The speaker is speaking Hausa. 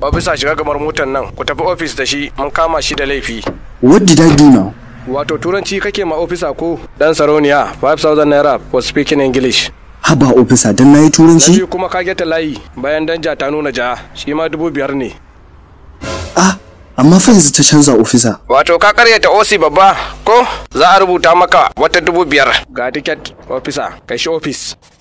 ba bisa shiga gamar motar nan ku tafi ofis da shi mun kama shi da laifi what did i do now wato turanci kake ma ofisa ko dan saroniya 5000 naira for speaking english haba ofisa dan nayi turanci nabi kuma ka geta layi bayan dan ja ta nuna ja shi ma dubu biyar ne ah amma fa yanzu ta canza ofisa wato ka karyata osi babba ko za a rubuta maka wata dubu biyar ga tiket ofisa kai shi ofis